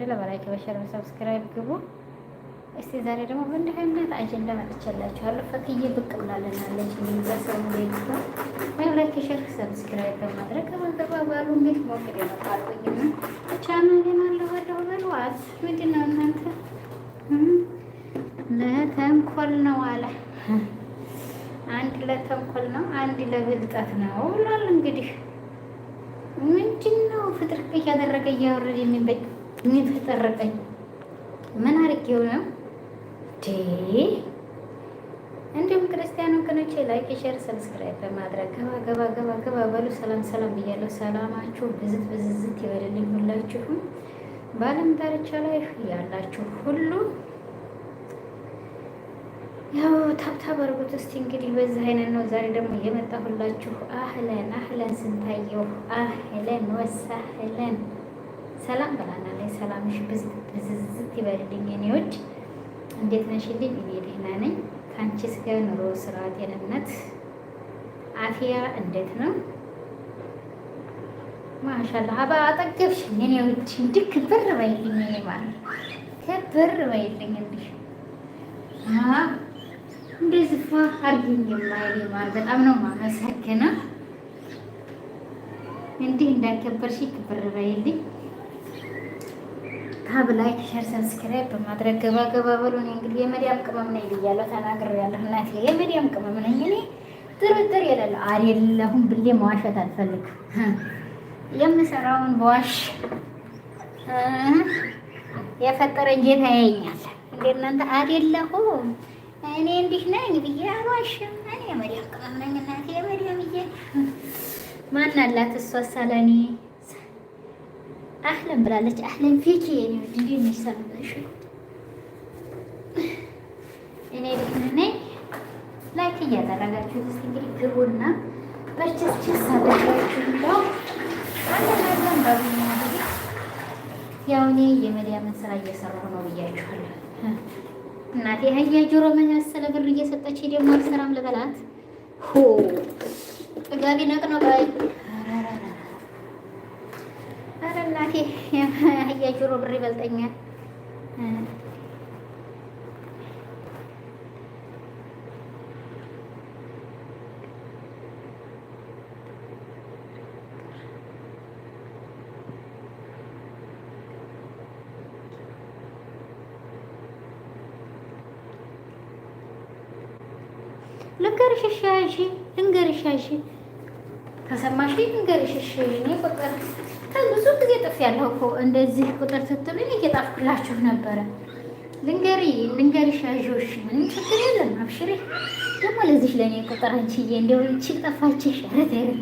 አልሐምዱሊላህ በላይክ በሸር በሰብስክራይብ ግቡ። እስቲ ዛሬ ደግሞ በእንዲህ አይነት አጀንዳ መጥቻላችኋለሁ። ፈክዬ ብቅ ብላለን አለች የሚዘሰሩ ቤት ላይክ ሸር ሰብስክራይብ በማድረግ እንዴት ሞክር ቻናሌን በልዋት ምንድን ነው እናንተ ለተንኮል ነው አለ አንድ ለተንኮል ነው፣ አንድ ለብልጠት ነው ብሏል። እንግዲህ ምንድን ነው ፍጥርቅ እያደረገ እያወረድ የሚበጅ የሚፈጠረቀኝ ምን አርጌው ነው ዴ እንዲሁም ክርስቲያን ወገኖቼ ላይክ፣ ሼር፣ ሰብስክራይብ በማድረግ ገባ ገባ ገባ ገባ በሉ። ሰላም ሰላም ብያለሁ። ሰላማችሁ ብዝት ብዝዝት ይበልልኝ። ሁላችሁም በዓለም ዳርቻ ላይ ያላችሁ ሁሉ ያው ታብታብ አድርጉት እስቲ። እንግዲህ በዚህ አይነት ነው ዛሬ ደግሞ የመጣሁላችሁ። አህለን አህለን፣ ስንታየው አህለን ወሳህለን፣ ሰላም በላና ሰላምሽ ብዝዝት ይበልልኝ። እኔዎች እንዴት ነሽልኝ? እኔ ደህና ነኝ። ከአንቺስ ጋር ኑሮ፣ ስራ፣ ጤንነት፣ አፍያ እንዴት ነው? ማሻላ ሀባ አጠገብሽ እኔዎች እንዲ ክብር በይልኝ። እኔ ማለት ክብር በይልኝ እንዲህ እንደዚህ አርግኝ የማይል በጣም ነው ማመሰግነው። እንዲህ እንዳከበርሽ ክብር በይልኝ። ታብ ላይክ፣ ሸር፣ ሰብስክራይብ በማድረግ ገባ ገባ በሉን። እንግዲህ የመዲያም ቅመም ነኝ ብያለሁ፣ ተናግሬያለሁ። እናቴ የመዲያም ቅመም ነኝ እኔ ጥርጥር የሌለ አይደለሁም ብዬ መዋሸት አልፈልግም። የምሰራውን በዋሽ የፈጠረኝ ጌታ ያየኛል። እንደ እናንተ አይደለሁም እኔ እንዲህ ነኝ ብዬ አልዋሽም። እኔ የመዲያም ቅመም ነኝ እናቴ። የመዲያም እየ ማን አላት እሷ ሳለኔ አህለን ብላለች። አህለን ፊክ የኔ ወዲ ዲን ይሰራለሽ። እኔ ዲክነ ላይክ እያደረጋችሁ እስቲ እንግዲህ ግቡና በርቸስ ቸስ አደረጋችሁ እንደው አንተም ባቡኝ ነው። ያው እኔ የመዲያምን ስራ እየሰራሁ ነው ብያችኋለሁ። እናቴ አህያ ጆሮ መሰለ ብር እየሰጠች ደግሞ አልሰራም ልበላት ሆ ጥጋቢ ነቅነቃይ እናቴ አህያ ጆሮ ብር ይበልጠኛል። ልንገርሽ እሺ፣ ልንገርሽ እሺ ከሰማሽ ንገሪሽ። እሺ እኔ ቁጥር ከብዙ ጊዜ ጥፍ ያለው እኮ እንደዚህ ቁጥር ስትሉኝ እየጣፍኩላችሁ ነበረ። ልንገሪ ልንገሪሽ፣ ያዦሽ ምንም ችግር የለም አብሽሪ። ደግሞ ለዚህ ለእኔ ቁጥር አንቺዬ እንደው ይቺ ጠፋችሽ ረት አይነት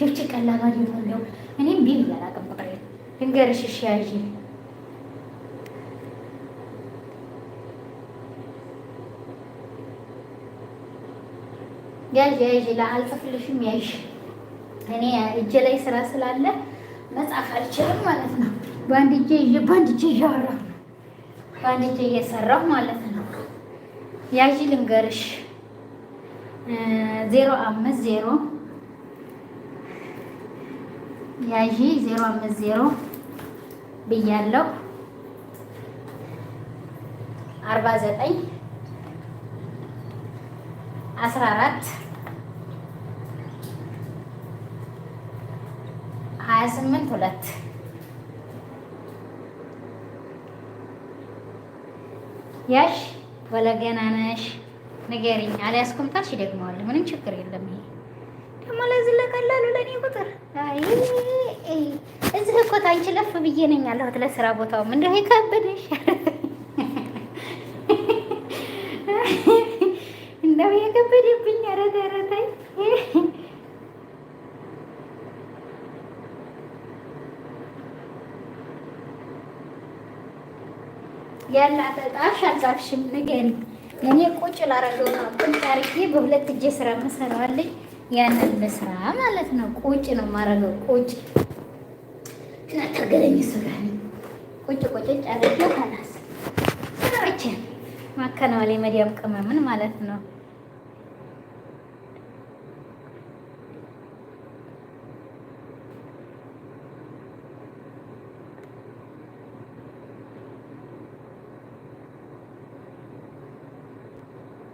ጆች ቀላባል ሊሆን እንደው እኔም ቢል ያላቅም ቁጥር ልንገሪሽ። እሺ ያዥ ያዥ ያዥ ለአልጽፍልሽም ያዥ እኔ እጄ ላይ ስራ ስላለ መጻፍ አልችልም ማለት ነው። በአንድ እጄ ይዤ በአንድ እጄ እያወራሁ በአንድ እጄ እየሰራሁ ማለት ነው። ያዥ ልንገርሽ ዜሮ አምስት ዜሮ ያዥ ዜሮ አምስት ዜሮ ብያለሁ አርባ ዘጠኝ አስራ አራት ሀያ ስምንት ሁለት ያሽ ወለገና ነሽ ንገሪኝ፣ አልያዝኩም ታልሽ ደግመዋለሁ። ምንም ችግር የለም። ይሄ ደግሞ ለዚህ ለቀላሉ ለእኔ ቁጥር እዚህ እኮ ታንቺ ለፍ ብዬ ነኝ ያለሁት ለስራ ቦታውም እንደው የከበደሽ እንደው የከበደብኝ ኧረ ያላጠጣሽ አልጻፍሽም። ንገሪ። እኔ ቁጭ ላረገው ነው። ቁጭ አርጌ በሁለት እጄ ስራ መሰራዋለኝ። ያንን ልስራ ማለት ነው። ቁጭ ነው ማረገው። ቁጭ ናታገለኝ ስራ ቁጭ ቁጭ አረገው። ከላስ ስራዎችን ማከናወል የመዲያም ቅመምን ማለት ነው።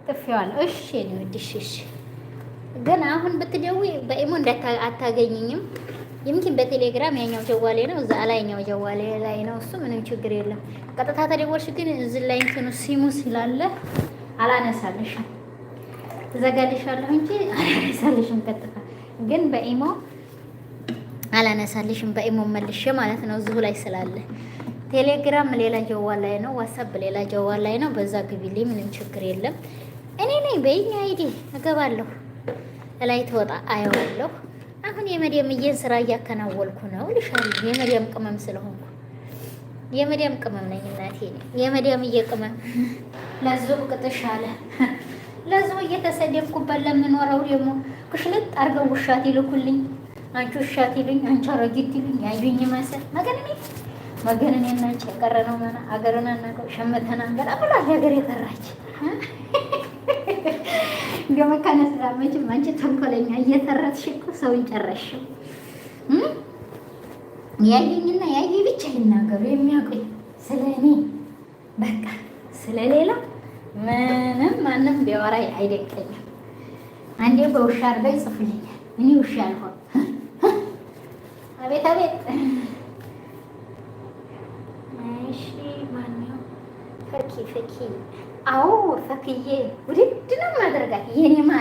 ጥፊዋለሁ። እሺ ነው ወድሽ እሺ። ግን አሁን ብትደውይ በኢሞ አታገኝኝም። ይምኪን በቴሌግራም ያኛው ጀዋሌ ነው፣ እዛ ላይኛው ጀዋሌ ላይ ነው። እሱ ምንም ችግር የለም። ቀጥታ ተደወልሽ ግን እዚህ ላይ እንትኑ ሲሙ ስላለ አላነሳልሽም። እዘጋልሻለሁ እንጂ አላነሳልሽም። ቀጥታ ግን በኢሞ አላነሳልሽም። በኢሞ መልሽ ማለት ነው፣ እዚሁ ላይ ስላለ። ቴሌግራም ሌላ ጀዋል ላይ ነው፣ ዋትሳፕ ሌላ ጀዋል ላይ ነው። በዛ ግቢልኝ፣ ምንም ችግር የለም። እኔ ነኝ በይኝ አይዲ እገባለሁ ላይ ትወጣ አየዋለሁ። አሁን የመዲያምዬን ስራ እያከናወልኩ ነው ልሻል። የመዲያም ቅመም ስለሆንኩ የመዲያም ቅመም ነኝ እናቴ። የመዲያምዬ ቅመም ለዚሁ ቅጥሽ አለ ለዚሁ እየተሰደብኩበት ለምኖረው ደግሞ ክሽልጥ አድርገው ውሻት ይልኩልኝ። አንቺ ውሻት ይሉኝ፣ አንቺ አረጊት ይሉኝ። ያዩኝ መሰል መገንኔ መገንኔ እናንቺ የቀረ ነው መና አገርን አናውቀው ሸምተናን ገላ ብላ ሀገር የጠራች ገመካነ ሰላም መቼም አንቺ ተንኮለኛ እየተረትሽ እኮ ሰውን ጨረሽው። ያየኝና ያየ ብቻ ይናገሩ የሚያውቁኝ ስለ እኔ በቃ ስለሌላ ምንም ማንም ቢያወራ አይደቀኝም። አንዴ በውሻ አድርገው ይጽፉልኛል። እኔ ውሻ አልሆን። አቤት አቤት። እሺ ማነው ፈኪ ፈኪ አዎ ፈክዬ ውድድ ነው ማድረጋት የኔ